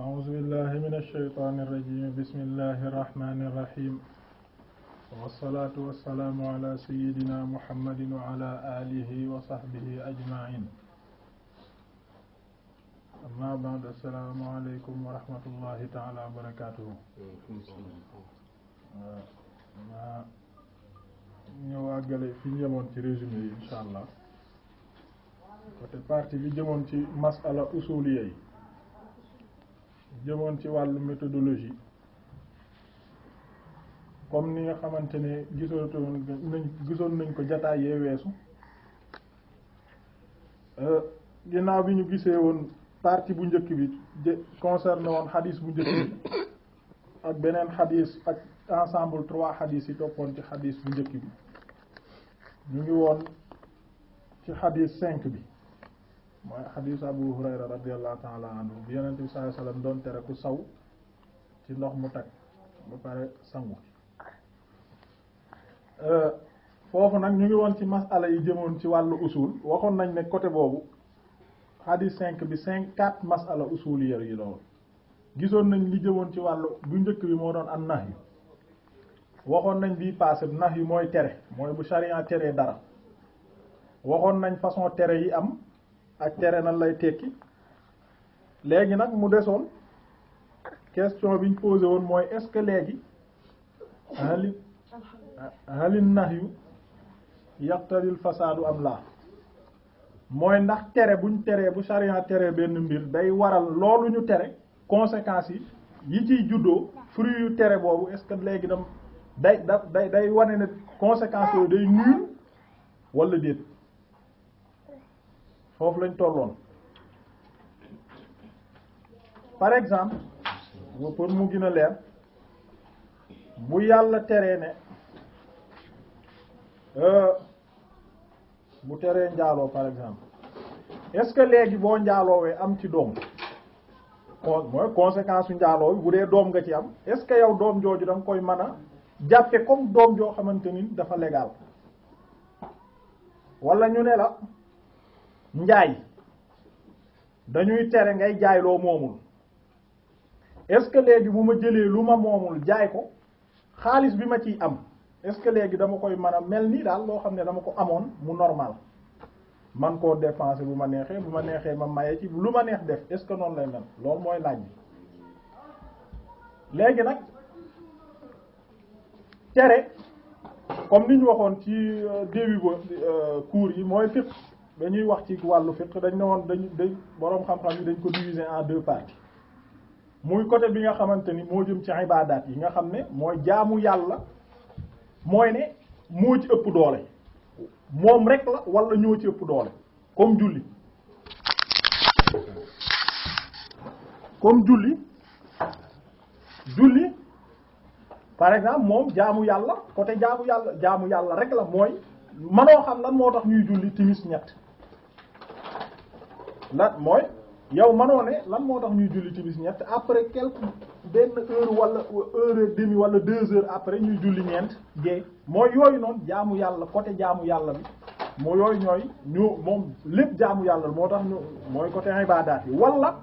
أعوذ بالله من الشيطان الرجيم بسم الله الرحمن الرحيم والصلاة والسلام على سيدنا محمد وعلى آله وصحبه أجمعين أما بعد السلام عليكم ورحمة الله تعالى وبركاته ما ñëwaagale fi ñemoon ci résumé yi الله côté partie bi jëmoon ci masala usuliya jëmoon ci wàllu méthodologie comme ni nga xamante ne gisoon nañ gisoon nañ ko jataay yee weesu euh, ginnaaw bi ñu gisee woon partie bu njëkk bi concerné woon xadis bu njëkk bi ak beneen xadis ak ensemble trois xadis yi toppoon ci xadis bu njëkk bi ñu ngi woon ci xadis cinq bi mooy hadis abu hurayra radiallahu taala anhu bi yonente bi saai sallam dontere ku saw ci ndox mu tag ba pare sangu euh, foofu nag ñu ngi woon ci masala yi jëmoon ci wàllu usul waxoon nañ ne côté boobu hadis cinq bi cinq quatre masala usul yër yi lool gisoon nañ li jëmoon ci wàllu bu njëkk bi moo doon an nahi waxoon nañ bii passé nahi mooy tere mooy bu charia teree dara waxoon nañ façon tere yi am ak tere nan lay tekki léegi nag mu desoon question bi ñu posé woon mooy est-ce que léegi hali hali nahyu yaqtadil fasaadu am laa mooy ndax tere buñ teree bu charient tere benn mbir day waral loolu ñu tere conséquences yi yi ciy juddoo fruit yu tere boobu est-ce que léegi dam day da day day wane ne conséquences yooyu day nuyu walla déet foofu lañ tolloon par exemple pour mu gën a leer bu yàlla teree ne euh, bu teree njaaloo par exemple est-ce que léegi boo njaaloowee am ci doom kon mooy conséquence su njaaloo bu dee doom nga ci am est-ce que yow doom jooju da koy mën a jàppe comme doom joo xamante ni dafa légal wala ñu ne la njaay dañuy tere ngay jaayloo loo moomul est-ce que léegi bu ma jëlee lu ma moomul jaay ko xaalis bi ma ciy am est-ce que léegi dama koy mën a mel nii daal loo xam ne dama ko amoon mu normal man koo dépenser bu ma neexee bu ma neexee ma maye ci lu ma neex def est-ce que noonu lay mel loolu mooy laaj bi léegi nag tere comme ni ñu waxoon ci euh, début ba euh, cours yi mooy fiqh ba wax ci walu fiq dañ dañ xam-xam dañ ko diviser en deux parties muy côté bi nga xamanteni mo jëm ci ibadat yi nga moy jaamu yalla moy ne mo ci ëpp doole mom rek la wala ñoo ci ëpp doole comme julli comme julli julli par exemple mom jaamu yalla côté jaamu yalla jaamu yalla rek la moy xam lan ñuy julli timis ndax mooy yow manoo ne lan moo tax ñuy julli timis ñett après quelque benn heure wala heure et demie wala deux heures après ñuy julli ñeent gée mooy yooyu noonu jaamu yàlla côté jaamu yàlla bi moo yooyu ñooy ñu moom lépp jaamu yàlla moo tax ñu mooy côté ibaadaat yi wala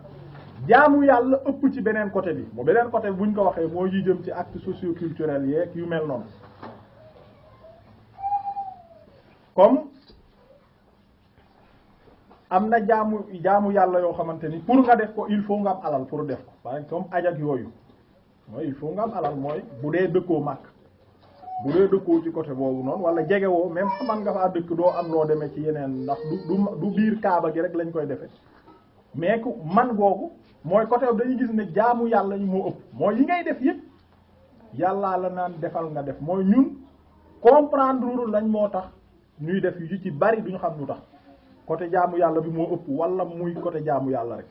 jaamu yàlla ëpp ci beneen côté bi mu beneen côté bi buñ ko waxee mooy yi jëm ci acte socio culturel yeeg yu mel noonu comme am na jaamu jaamu yàlla yoo xamante ni pour nga def ko il faut nga am alal pour def ko par exemple aj ak yooyu mooy il faut nga am alal mooy bu dee dëkkoo màkk bu dee dëkkoo ci côté boobu noonu wala jegewoo même man nga faa dëkk doo am loo demee ci yeneen ndax du du du biir kaaba gi rek lañ koy defee mais ku man googu mooy côté dañu gis ne jaamu yàlla ñu moo ëpp mooy yi ngay def yëpp yàllaa la naan defal nga def mooy ñun comprendre lañ moo tax ñuy def yu ci bari duñu xam lu tax. côté jaamu yàlla bi moo ëpp walla muy côté jaamu yàlla rek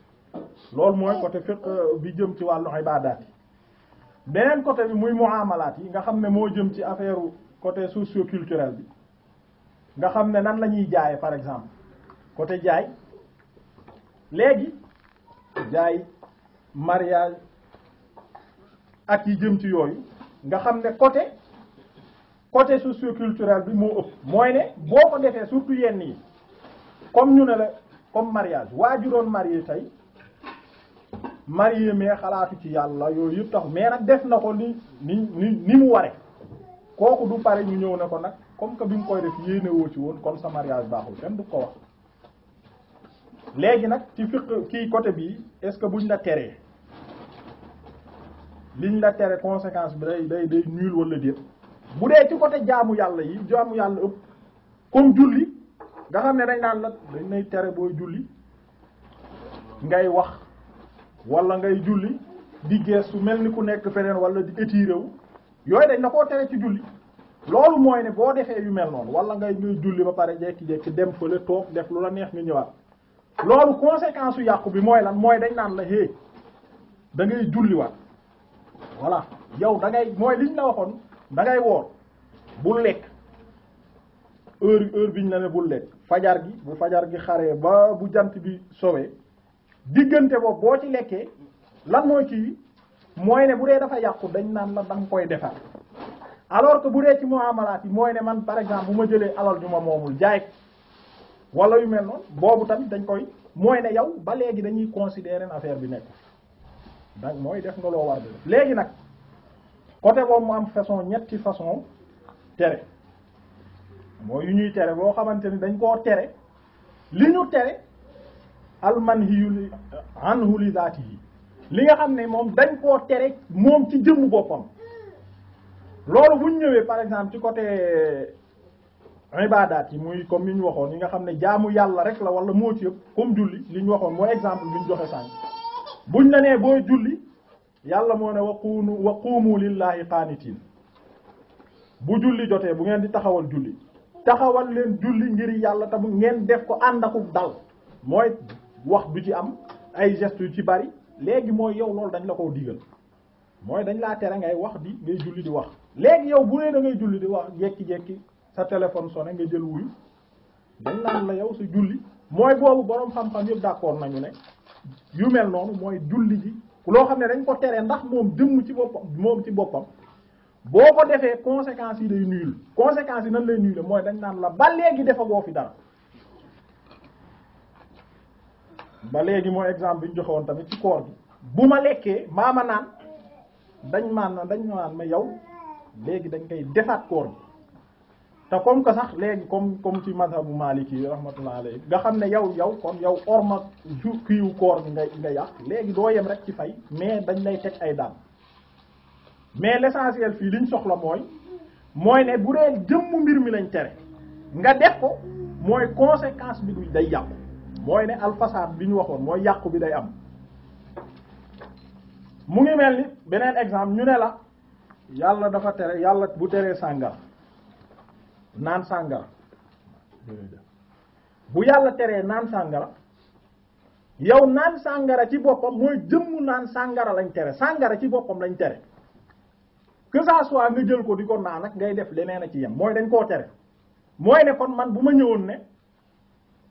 loolu mooy côté fiqh euh, bi jëm ci wàllu ibaadaat yi beneen côté bi muy muamalaat yi nga xam ne moo jëm ci affaire côté socioculturel bi nga xam ne nan la ñuy jaaye par exemple côté jaay léegi jaay mariage ak yi jëm ci yooyu nga xam ne côté côté socioculturel bi moo ëpp mooy ne boo ko defee surtout yenn yi comme ñu ne la comme mariage waa ju doon marié tey marié mais xalaatu ci yàlla yooyu yëpp tax mais nag def na ko ni ni ni mu ware kooku du pare ñu ñëw ne ko nag comme que bi nga koy def yéene woo ci woon kon sa mariage baaxul kenn du ko wax léegi nag ci fiq kii côté bii est-ce que buñ la teree liñ la tere conséquence bi day day day nul wala bu dee ci côté jaamu yàlla yi jaamu yàlla ëpp comme julli nga xam ne dañ naan la dañ lay tere booy julli ngay wax wala ngay julli di su mel ni ku nekk feneen wala di étiré wu yooyu dañ na koo tere ci julli loolu mooy ne boo defee yu mel noonu wala ngay ngay julli ba pare jekki-jekki dem fële toog def lu la neex nga ñëwaat loolu conséquence yu yàqu bi mooy lan mooy dañ naan la hé dangay ngay julliwaat voilà yow da ngay mooy liñ la waxoon dangay ngay bu lekk heure heure bi ñu la ne bul lekk fajar gi bu fajar gi xaree ba bu jant bi sowee diggante boobu boo ci lekkee lan mooy ci mooy ne bu dee dafa yàqu dañ naan la danga koy defar alors que bu dee ci muamalaat yi mooy ne man par exemple bu ma jëlee alal ju ma moomul jaay wala yu mel noonu boobu tamit dañ koy mooy ne yow ba léegi dañuy considérer affaire bi nekk donc mooy def nga loo war bi léegi nag côté mu am façon ñetti façon tere mooy yu ñuy tere boo xamante ni dañ koo tere li ñu tere almanhiyul anhu li zaatihi li nga xam ne moom dañ koo tere moom ci jëmm boppam loolu bu ñu ñëwee par exemple ci côté euh, ibaadaat yi muy comme ni ñu waxoon yi nga xam ne jaamu yàlla rek la wala moo ci yëpp comme julli li ñu waxoon mooy exemple bi ñu joxe sànq buñ la nee booy julli yàlla moo ne waquunu waquumu lillahi qaanitiin bu julli jotee bu ngeen di taxawal julli taxawal leen julli ngir yàlla tamu ngeen def ko ànd akub dal mooy wax du ci am ay gestes yu ci bari léegi mooy yow loolu dañ la koo digal mooy dañ laa tere ngay wax di ngay julli di wax léegi yow bu nee da ngay julli di wax jekki-jekki sa téléphone sonné nga jël wuyu dañ naan la yow sa julli mooy boobu boroom xam-xam yëpp d'accord nañu ne yu mel noonu mooy julli ji loo xam ne dañ ko tere ndax moom dëmm ci boppam moom ci boppam boo ko defee conséquences yi day nul conséquence yi nan lay nul mooy dañ naan la ba léegi defagoo fi dara ba léegi mooy exemple bi ñu joxe tamit ci koor gi bu ma lekkee maa ma naan dañ maan dañ naan ma yow léegi dañ koy defaat koor gi te comme que sax léegi comme comme ci mazhabu Maliki yi rahmatullah alayhi nga xam ne yow yow kon yow orma ju kiiw koor gi nga nga léegi doo yem rek ci fay mais dañ lay teg ay daan mais l'essentiel fi liñ soxla moy moy né bu jëm jëmm mbir mi lañ téré nga def ko moy conséquence bi du day yàqu mooy ne alfasaad bi ñu waxon moy yaq bi day am mu ngi melni benen exemple ñu né la yalla dafa téré yalla bu téré sangal nan sangal bu yalla téré nan sangal yow nan sangara ci boppam mooy jëmmu nan sangara lañ téré sangara ci bopam lañ téré que ça soit nga jël ko di ko naan nag ngay def leneen a ci yem mooy dañ koo tere mooy ne kon man bu ma ñëwoon ne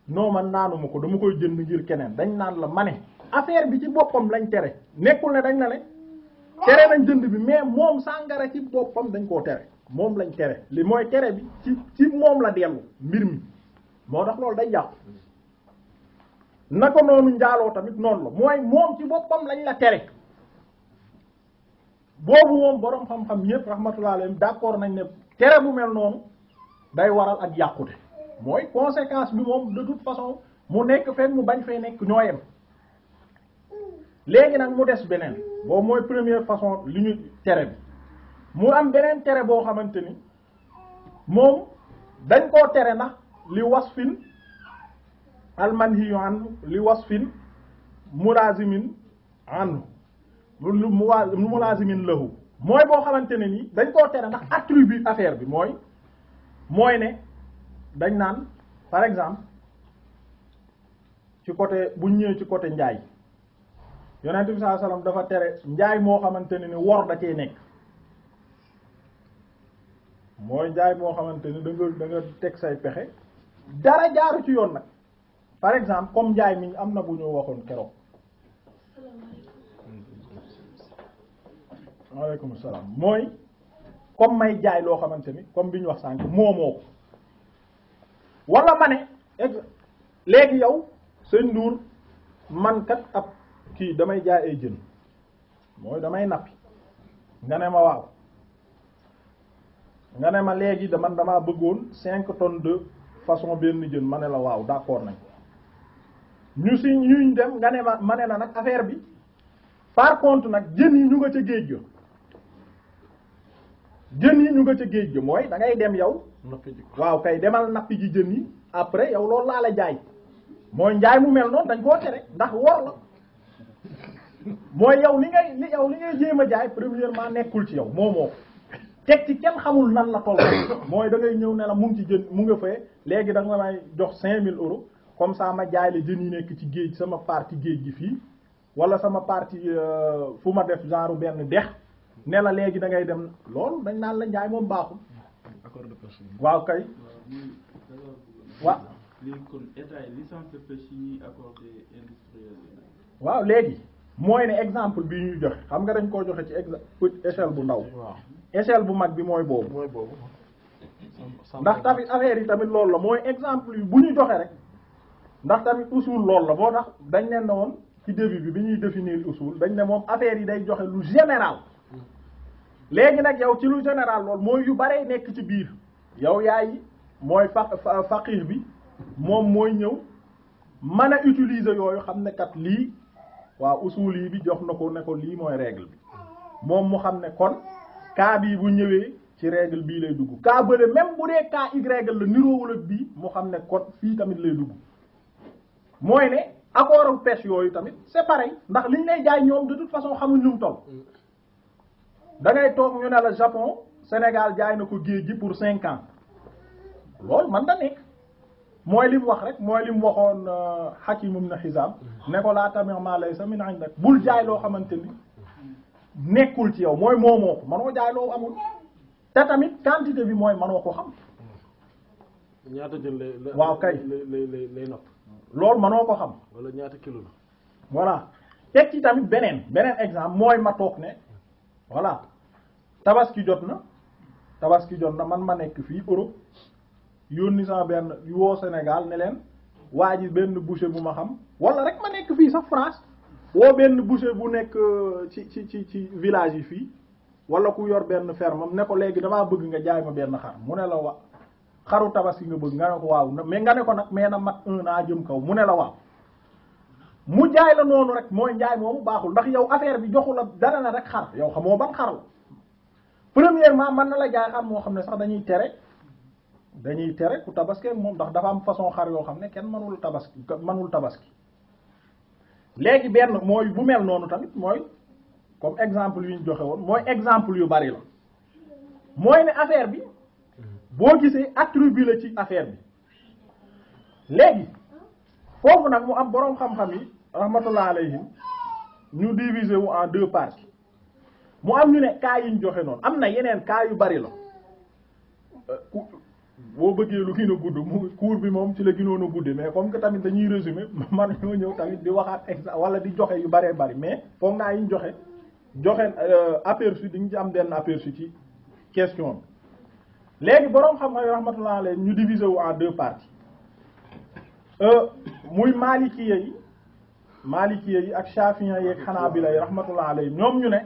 noo man naanuma ko dama koy jënd ngir keneen dañ naan la ma ne affaire bi ci boppam lañ tere nekkul ne dañ na ne tere nañ jënd bi mais moom sàngara ci boppam dañ koo tere moom lañ tere li mooy tere bi ci ci moom la dellu mbir mi moo tax loolu dañ jàpp na ko noonu njaaloo tamit noonu la mooy moom ci boppam lañ la tere boobu moom borom xam-xam yëpp rahmatullah alayhim d'accord nañ ne tere bu mel noonu day waral ak yàqute mooy conséquence bi moom de toute façon mu nekk fekk mu bañ fee nekk ñoo yem léegi nag mu des beneen boobu mooy première façon li ñu tere bi mu am beneen tere boo xamante ni moom dañ koo tere ndax li wasfin almanhiyu anhu li wasfin murazimin anhu lu mu waa lu mu laazimin lahu mooy boo xamante ne ni dañ koo tere ndax attribut affaire bi mooy mooy ne dañ naan par exemple ci côté bu ñëwee ci côté njaay yonent bi sallallahu dafa tere njaay moo xamante ne ni wor da cee nekk mooy njaay moo xamante ni da nga teg say pexe dara jaaru ci yoon nag par exemple comme njaay mi am na bu ñu waxoon keroog waaleykum salaam mooy comme may jaay loo xamante ni comme bi ñu wax sànq moomoo ko wala ma ne léegi yow sëñ Ndour mankat kat ab kii damay jaay ay jën mooy damay nappi nga ne ma waaw nga ne ma léegi dama damaa bëggoon cinq tonnes de façon benn jën ma ne la waaw d'accord nañ ñu si ñuñ dem nga ne ma ma ne la nag affaire bi par contre nag jën yi ñu nga ca géej ga jën yi ñu nga ca géej gi mooy dangay dem yow waaw kay demal nappi ji jën yi après yow loolu laa la jaay mooy njaay mu mel noonu dañ koo tere ndax wor la mooy yow li ngay li yow li ngay jéem a jaay premièrement nekkul ci yow moomoo teg ci kenn xamul nan la toll mooy da ngay ñëw ne la mu ci jën mu nga fee léegi da nga may jox cinq mille euros comme ça ma jaay la jën yi nekk ci géej sama partie géej gi fii wala sama partie euh, fu ma def genre benn dex ne la léegi da ngay dem lool dañ naan la njaay moom baaxul. accord waaw kay. waaw. léegi kon état yi licence waaw léegi mooy ne exemple bi ñuy joxe xam nga dañ koo joxe ci exe échelle bu ndaw. waaw échelle bu mag bi mooy boobu. mooy boobu. ndax tamit affaire yi tamit loolu la mooy exemple yi bu ñu joxe rek ndax tamit usul loolu la boo tax dañ ne woon ci début bi ñuy définir usul dañ ne moom affaire yi day joxe lu général. léegi nag yow ci lu général lool mooy yu bare nekk ci biir yow yaay mooy fa faqir bi moom mooy ñëw mën a utiliser yooyu xam ne kat lii waaw usul yi bi jox na ko nekko lii mooy règle bi moom mu xam ne kon cas bii bu ñëwee ci régle bii lay dugg cas bële même bu dee cas y règle la niroowul ak bii mu xam ne kon fii tamit lay dugg mooy ne accord pêche yooyu tamit c'est pareil ndax liñ lay jaay ñoom de toute façon xamuñ lu mu dagay tok ñu Japon Sénégal jaay pour 5 ans lol man da nek moy lim wax rek euh, Hizam ne ko la tamir ma min andak bul jaay lo xamanteni nekul ci yow jaay amul tamit quantité bi ko xam. ñaata xam. wala ñaata voilà ci tamit benen exemple moy ma tok ne voilà tabaski jot na tabaski jot na man ma nekk fii Europe yónni sama benn woo Sénégal ne leen waa ji benn boucher bu ma xam wala rek ma nekk fii sax France woo benn boucher bu nekk euh, ci ci ci ci village yi fii wala ku yor benn ferme ne ko léegi damaa bëgg nga jaay ma benn xar mu ne la wa xaru tabaski nga bëgg nga ne ko waaw mais nga ne ko nag mais na mat un naa jëm kaw mu ne la waaw mu jaay la noonu rek mooy njaay moomu baaxul ndax yow affaire bi joxu la dara na rek xar yow xamoo ban la premièrement man na la jaay xam moo xam ne sax dañuy tere dañuy tere ku tabaski moom ndax dafa am façon xar yoo xam ne kenn mënul tabaski mënul tabaski léegi benn mooy bu mel noonu tamit mooy comme exemple yu ñu joxe woon mooy exemple yu bari la mooy ne affaire bi boo gisee attribut ci affaire bi léegi foofu nag mu am boroom xam-xam yi rahmatullah alayhim ñu diviser wu en deux parties mu am ñu ne cas yi ñu joxe noonu am na yeneen kaa yu bari la euh, boo bëggee lu gën a gudd mu cours bi moom ci la gënoon a guddi mais comme que tamit dañuy résumer man ñoo ñëw tamit di waxaat exemple wala di joxe yu baree bëri mais foog naa yi ñu joxe joxe euh, aperçu di nga ci am benn aperçu ci question bi léegi boroom xam-xam rahmatullah alayhi ñu diviser wu en deux parties euh, muy maalikiye yi maalikiye yi ak shafi'iyye yi ak xanaabila yi rahmatullah alayhi ñoom ñu ne.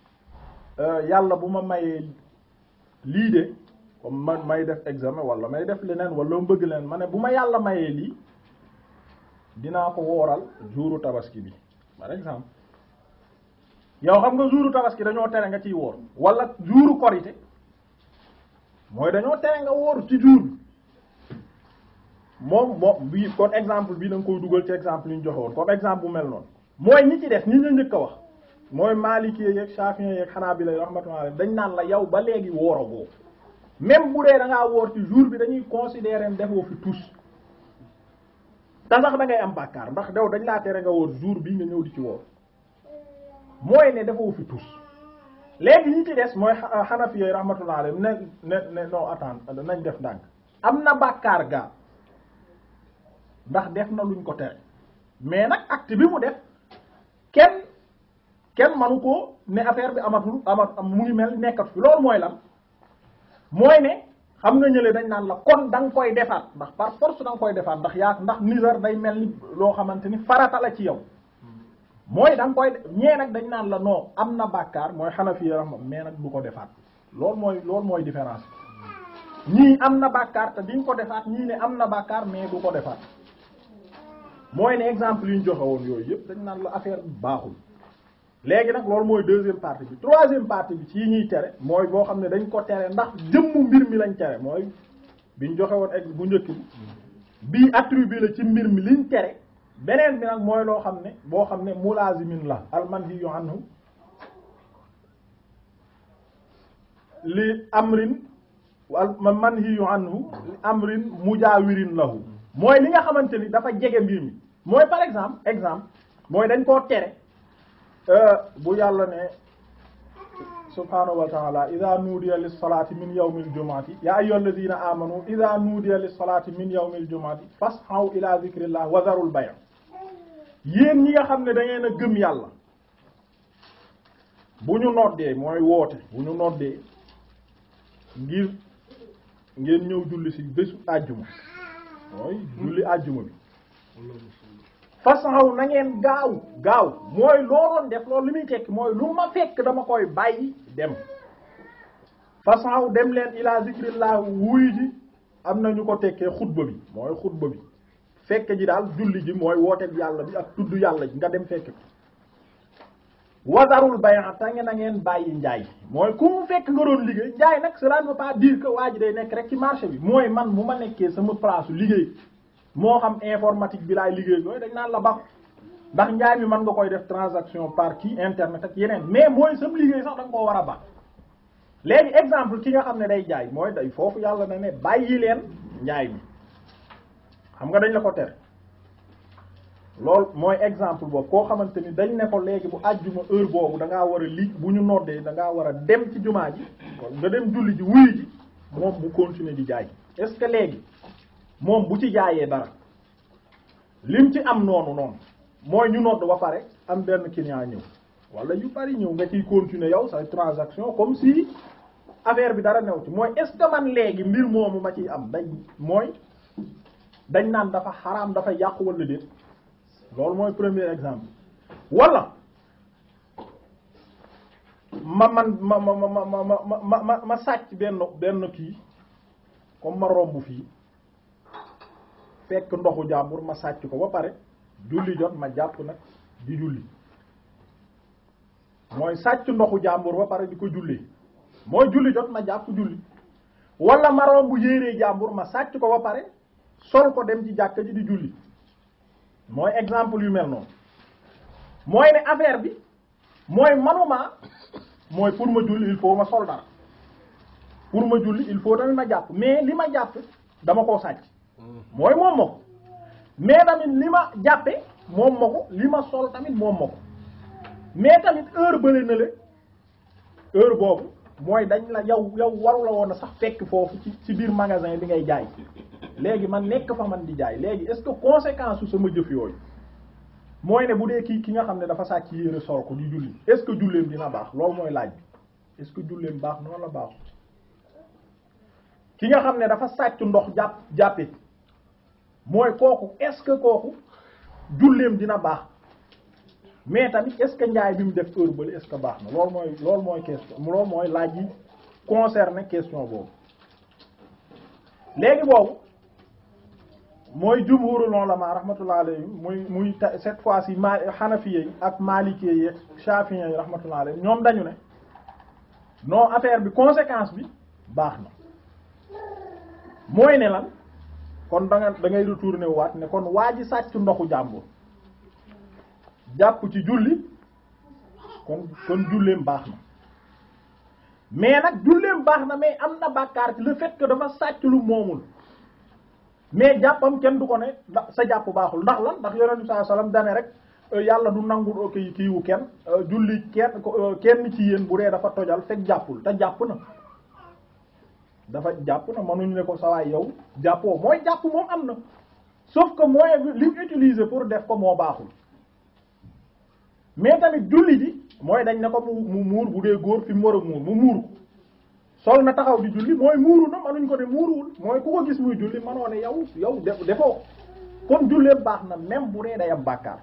Euh, yàlla bu ma mayee lii de comme man may def examen walla may def leneen walla mu bëgg leneen ma ne bu ma yàlla mayee lii dinaa ko wooral juru tabaski bi par exemple yow xam nga jouru tabaski dañoo tere nga ciy woor walla juru korite mooy dañoo tere nga woor ci jour bi moom moom bii kon exemple bii da koy dugal ci exemple yu ñu joxe woon comme exemple bu mel noonu mooy ñi ci des ñi ñu njëkk a wax. moy Maliki yeeg Shafi'i yeeg Hanabila rahmatullahi dagn nan la yow ba woro go même boudé da nga wor ci jour bi dañuy considérer defo fi tous da sax da ngay am bakkar ndax daw dañ la tere nga wor jour bi nga ñëw di ci wor moy ne defo fi tous légui ñi ci dess moy Hanafi yooyu rahmatullahi ne ne ne non attends nañ def dank amna bakkar ga ndax def na luñ ko tere mais nak acte bi mu def kenn kenn manu koo ne affaire bi amatul amatul mu ngi mel nekkatu loolu mooy lan mooy ne xam nga ñële dañ naan la kon da koy defaat ndax par force da koy defaat ndax yaa ndax nisar day mel ni loo xamante ni farata la ci yow mooy da koy ñee nag dañ naan la noo am na bàkkaar mooy xanafi rahma mais nag du ko defaat loolu mooy loolu mooy différence ñii am na bàkkaar te ñu ko defaat ñii ne am na bàkkaar mais du ko defaat mooy ne exemple yu ñu yooyu yëpp dañ naan affaire bi baaxul léegi nag loolu mooy deuxième partie bi troisième partie bi ci yi ñuy tere mooy boo xam ne dañ ko tere ndax jëmmu mbir mi lañ tere mooy biñ joxe woon ak bu njëkk bi bii attribué la ci mbir mi liñ tere beneen bi nag mooy loo xam ne boo xam ne mulazimin la almanhiyu anhu li amrin wal manhiyu anhu li amrin mujawirin lahu mooy li nga xamante ni dafa jege mbir mi mooy par exemple exemple mooy dañ koo tere bu yalla ne subhanahu wa taala idha nudiya lis-salati min yawmil jumu'ati ya ayyul alladina amanu idha nudiya lis-salati min yawmil jumu'ati fas'aw ila zikrillah wa dharul bay' yeen ñi nga xamne da ngayena gëm yalla bu ñu noddee mooy woote bu ñu noddee ngir ngeen ñew julli ci bésu aljuma mooy julli aljuma bi fasaw na ngeen gaaw gaaw mooy loo doon def loolu li muy tekki mooy lu ma fekk dama koy bàyyi dem fasaw dem leen ila zikrillah wuy ji am na ñu ko tekkee xutba bi mooy xutba bi fekk ji daal julli ji mooy wooteeg yàlla bi ak tudd yàlla ji nga dem fekk ko wasarul bay'a ta ngeen na ngeen bàyyi njaay mooy ku mu fekk nga doon liggéey njaay nag cela ne ma pas dire que waa ji day nekk rek ci marché bi mooy man bu ma nekkee sama place liggéey mo xam informatique bi lay liguey yooyu dañ naan la bax ndax njaay mi man nga koy def transaction par ki internet ak yenen mais moy sam liguey sax da ko wara war legui exemple ki nga xamne day jaay moy day fofu yalla na ne bàyyi len njaay mi xam nga dañ la ko ter lol moy exemple boobu ko xamanteni dañ ne ko legui bu àjjuma heure bobu da ngaa war li buñu ñu noddee da ngaa war dem ci jumaa ji nga dem julli ji wuy ji moom bu continuer di jaay est-ce que léegi mom bu ci jaayee dara lim ci am noonu non moy ñu nodd ba pare am ben client ñew wala yu bari ñew nga ciy continuer yow sa transaction comme si affaire bi dara new ci est-ce que man léegi mbir momu ma ciy am dañ moy dañ nan dafa haram dafa yàqu wala déet lool moy premier exemple wala ma man ma ma ma ma ma ma ma sàcc ben benn kii comme ma rombu fi fekk ndoxu jàmbur ma sàcc ko ba pare julli jot ma jàpp nag di julli mooy sàcc ndoxu jàmbur ba pare di ko julli mooy julli jot ma jàpp julli wala ma romb yéeree jàmbur ma sàcc ko ba pare sol ko dem ci jàkka ji di julli mooy exemple yu mel noonu mooy ne affaire bi mooy manuma mooy pour ma julli il faut ma sol dara pour ma julli il faut tamit ma jàpp mais li ma jàpp dama koo sàcc mooy moom ma ko mais tamit li ma jàppe moom ma ko li ma sol tamit moom ma ko mais tamit heure bële na le heure boobu mooy dañ la yow yow waru la woon a sax fekk foofu ci biir magasin bi ngay jaay léegi man nekk fa man di jaay léegi est conséquence su sama jëf yooyu mooy ne bu dee kii ki nga xam ne dafa sàcc yére sol ko di julli est-ce que julleem dina baax loolu mooy laaj bi est-ce que julleem baax noonu la baaxul ki nga xam ne dafa sàcc ndox jàpp jàppe mooy kooku est-ce que kooku julleem dina baax mais tamit est-ce que njaay bi mu def heure bële est-ce baax na loolu mooy loolu mooy question loolu mooy laaj yi concerné question boobu léegi boobu mooy jumhurul ulama rahmatullah alayhim muy muy cette fois ci ma xanafiyey ak maalikiyey yeeg shafiyey rahmatullah alayhim ñoom dañu ne non affaire bi conséquence bi baax na mooy ne lan kon da nga da ngay retourner wat ne kon waji satchu ndoxu jambo japp ci julli kon kon julle baax mais nak julle baax mais amna bakkar le fait que dama satchu lu moomul mais jappam ken du ko ne sa japp baxul ndax lan ndax yonent bi sallam dane rek euh, yalla du nangul ki wu ken euh, julli ken euh, ken ci yeen bu re dafa tojal fekk jappul ta japp na dafa jàpp na mënuñu ne ko sawaay yow jàppoo mooy jàpp moom am na sauf que mooy li mu utiliser pour def ko moo baaxul mais tamit julli ji mooy dañ ne ko mu muur bu dee góor fi mu war a muur mu muur sol na taxaw di julli mooy muuru na mënuñ ko ne muuruwul mooy ku ko gis muy julli mënoo ne yow yow def defoo kon julleem baax na même bu dee day am bàkkaar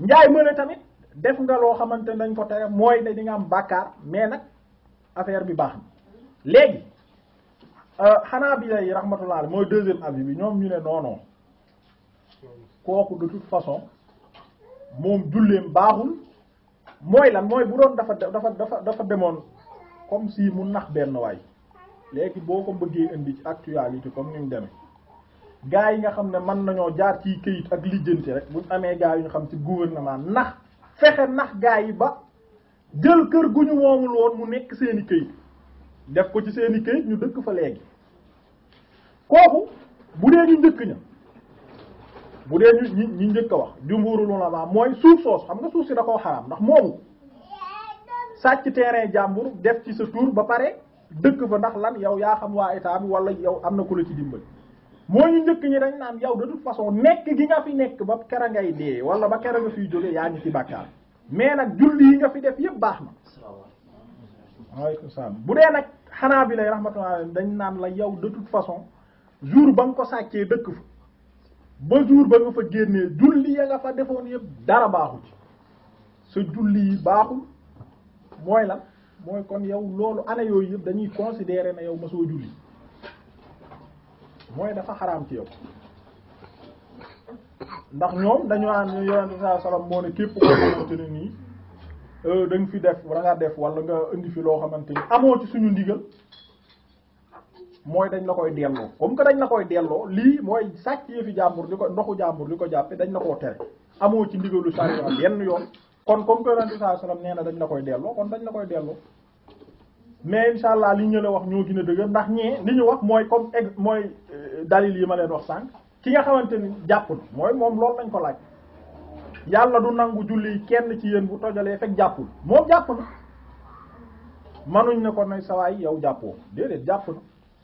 njaay mëne tamit def nga loo xamante nañ ko tere mooy da di nga am bàkkaar mais nag affaire bi baax na léegi Euh, xanaa bi lay rahmatullah mooy deuxième avis bi ñoom ñu ne non kooku de toute façon moom julleem baaxul mooy lan mooy bu doon dafa dafa dafa dafa demoon comme si mu nax benn waay léegi boo ko bëggee indi ci actualité comme ni mu demee yi nga xam ne mën nañoo jaar ci këyit ak lijjanti rek buñ amee gaa yu ñu xam ci gouvernement nax fexe nax gaa yi ba jël kër gu ñu moomul woon mu nekk seeni këyit def ko ci seeni këyit ñu dëkk fa léegi kooku bu dee ñu njëkk ña bu dee ñu ñu ñi njëkk a wax jumhurul ulama mooy suuf soos xam nga suuf si da koo xaraam ndax moomu sàcc terrain jàmbur def ci sa tur ba pare dëkk fa ndax lan yow yaa xam waa état bi wala yow am na ko la ci dimbali moo ñu njëkk ñi dañ naan yow de toute façon nekk gi nga fi nekk ba kera ngay dee wala ba kera nga fiy jóge yaa ngi ci bàkkaar mais nag julli yi nga fi def yëpp baax na waaleykum bu dee nag xanaa bi lay rahmatullah dañ naan la yow de toute façon jour ba nga ko sàccee dëkk fa ba jour ba nga fa génnee julli ya nga fa defoon yëpp dara baaxul ci sa julli yi baaxul mooy la mooy kon yow loolu année yooyu yëpp dañuy considérer ne yow mosoo julli mooy dafa xaram ci yow ndax ñoom dañoo naan ñu yonente sallallahu alayhi wasallam moo ne képp ko xamante ne nii Euh, da fi def da ngaa def wala nga indi fi loo xamante ni amoo ci suñu ndigal mooy dañ la koy delloo comme que dañ la koy delloo lii mooy sàcc yëfi jàmbur di ko ndoxu jàmbur di ko jàppe dañ la koo tere amoo ci ndigalu charia yenn yoon kon comme que yonent bi sallallahu alayhi nee na dañ la koy delloo kon dañ la koy delloo mais insha allah li ñu la wax ñoo gën a dëgër ndax ñee li ñu wax mooy comme ex mooy euh, dalil yi ma leen wax sànq ki nga xamante ni jàpp na mooy moom loolu lañ ko laaj yàlla du nangu julli kenn ci yéen bu tojalee fekk jàppul moom jàpp na manuñ ne ko nay sawaay yow jàppoo déedéet jàpp na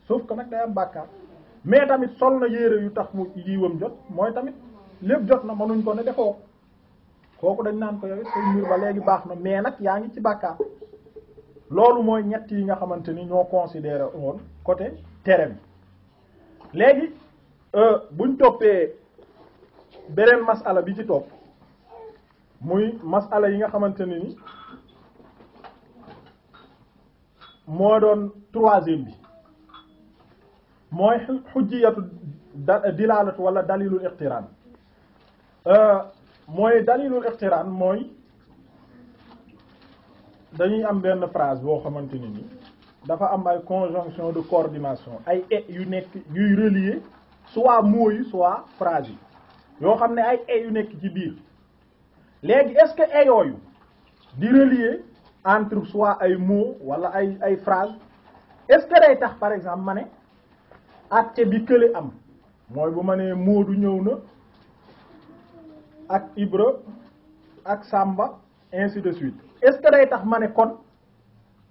sauf que nag day am bàkkaar mais tamit sol na yére yu tax mu yiwam jot mooy tamit lépp jot na manuñ ko ne defoo kooku dañ naan ko ba léegi baax na mais nag yaa ngi ci bàkkaar loolu mooy ñett yi nga xamante ni ñoo considéré woon côté tere bi léegi euh, buñ toppee beneen masala bi ci topp muy masala yi nga xamante ni moo doon troisième bi mooy xujjiyatu da dilaalatu wala dalilul iqtiraan euh, mooy dalilul iqtiraan mooy dañuy am benn phrase boo xamante ni dafa am ay conjonction de coordination ay e yu nekk yuy relier soit mots yi soit phrase yi yoo xam ne ay e yu nekk ci biir est-ce que y a di relier entre soi ay mots wala ay ay est-ce que day tax par exemple mané, acte bi am Ibra ak Samba ainsi de suite est-ce que day tax mané, mots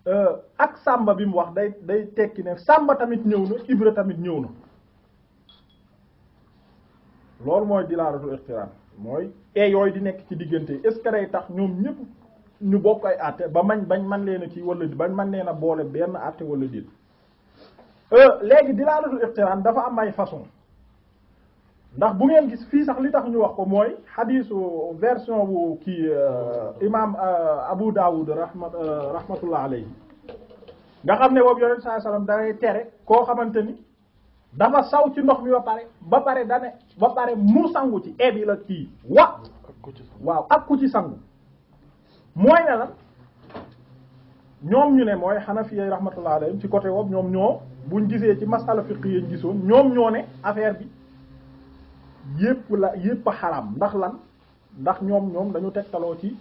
euh ak Samba bi wax day day tekki Samba tamit ñewna Ibra tamit ñewna lool que mooy e yooyu di nekk ci diggante est-ce tax ñoom ñëpp ñu bokk ay àtte ba mañ bañ man leen a kii wala bañ man leen a boole benn àtte wala déet euh, léegi dilaalatul iqtiraan dafa am ay façon ndax bu ngeen gis fii sax li tax ñu wax ko mooy xadiisu version bu kii euh, imaam euh, Abu Dawud rahma rahmatullah alayhi nga xam ne boobu yonent sallallahu alayhi wasallam dangay tere koo xamante ni dama saw ci ndox mi ba pare ba pare dane ba pare mu sangu ci ebi la kii wa waaw ak ku ci sangu mooy ne lan ñoom ñu ne mooy Hanafiya rahmatullah alayhim ci côté woowu ñoom ñoo buñ gisee ci masala fiqh yi gisoon ñoom ñoo ne affaire bi yépp la yépp a xaraam ndax lan ndax ñoom ñoom dañu tegtaloo ci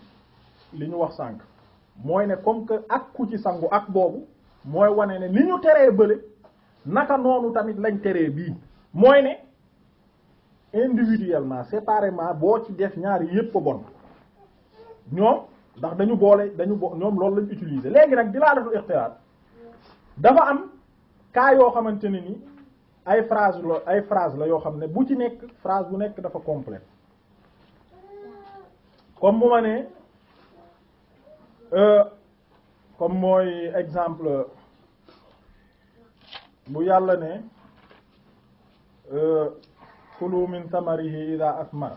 li ñu wax sànq mooy ne comme que ak ku ci sangu ak boobu mooy wane ne li ñu teree bële naka nonu tamit lañ téré bi moy né individuellement séparément bo ci def ñaar yépp a bon ñoom ndax dañu bolé dañu ñom loolu lañ utiliser légui léegi nag dilaalatul ixtilaat dafa am ka yo xamante ni ay phrase la ay phrase la yo xamné bu ci nek phrase bu nek dafa complète comme bu ma ne euh, comme moy exemple bu yàlla ne euh, kulu min samarihi ida asmar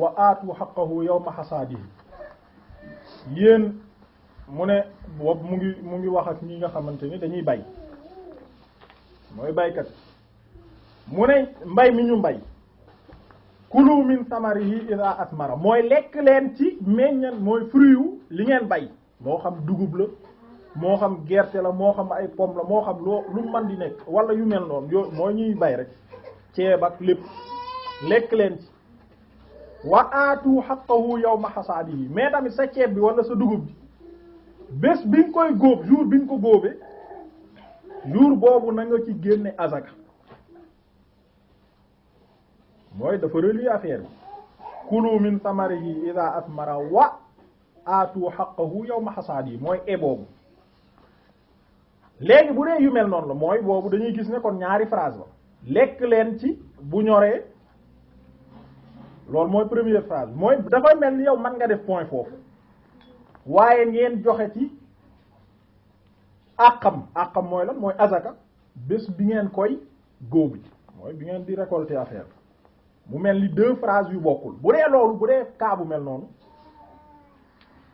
wa aat aatu xaqahu yawma xasaadihi yéen mu ne boobu mu ngi mu ngi wax ak ñi nga xamante ni dañuy bay mooy baykat mu ne mbay mi ñu mbay kulu min samarihi ida asmara mooy lekk leen ci meññan mooy fruit yu li ngeen bay moo xam dugub la moo xam gerte la moo xam ay pomme la moo xam loo lu man di nekk wala yu mel noonu yoo mooy ñuy bay rek ceeb ak lépp lekk leen ci wa aatu haqqahu yawma hasaadihi mais tamit sa ceeb bi wala sa dugub bi bés bi nga koy góob jur bi nga ko góobee jur boobu na nga ci génne azaka mooy dafa relier affaire bi kulu min samarihi idha asmara wa aatu haqqahu yawma hasaadihi mooy e léegi bu dee yu mel noonu la mooy boobu dañuy gis ne kon ñaari phrase la lekk leen ci bu ñoree loolu mooy première phrase mooy dafay mel ni yow man nga def point foofu waaye ngeen joxe ci àqam àqam mooy lan mooy azaka bés bi ngeen koy góob ji mooy bi ngeen di récolter affaire mu mel ni deux phrases yu bokkul bu dee loolu bu dee kaabu mel noonu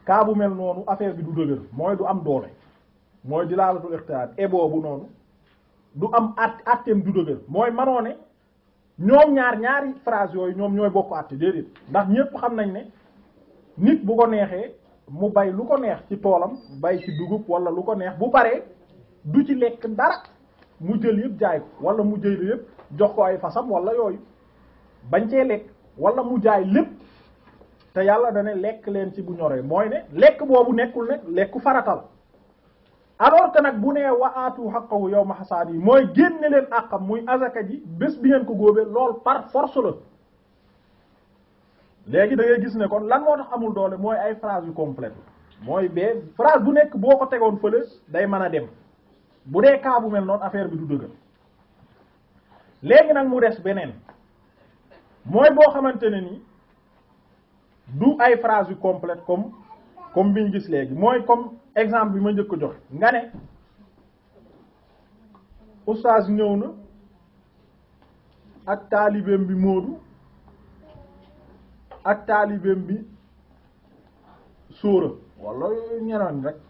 cas bu mel noonu affaire bi du dëgër mooy du am doole. mooy di dilaalatul ixtiyaar e boobu noonu du am at atteem du dëgër mooy manoo ne ñoom ñaar ñaari phrase yooyu ñoom ñooy bokk àtte déedéet ndax ñépp xam nañ ne nit bu ko neexee mu bay lu ko neex ci toolam bay ci dugub wala lu ko neex bu paree du ci lekk dara mu jël yépp jaay wala mu jël yépp jox ko ay fasam walla yooyu bañ cee lekk wala mu jaay lépp te yàlla dana lekk leen ci bu ñoree mooy ne lekk boobu nekkul ne lekku faratal alors que nag bu nee wa aatu yow ma xasaad yi mooy génne leen àqam muy azaka ji bés bi ngeen ko góobee lool par force la léegi da gis ne kon lan moo tax amul doole mooy ay phrase yu complète mooy bee phrase bu nekk boo ko tegoon fële day mën a dem bu dee cas bu mel noonu affaire bi du dëgër léegi nag mu des beneen mooy boo xamante ne ni du ay phrase yu complète comme comme biñ gis léegi mooy comme exemple bi ma njëkk ko joxe nga ne oustaz ñëw na ak taalibeem bi Moodu ak taalibeem bi Sóora wala ñeneen rek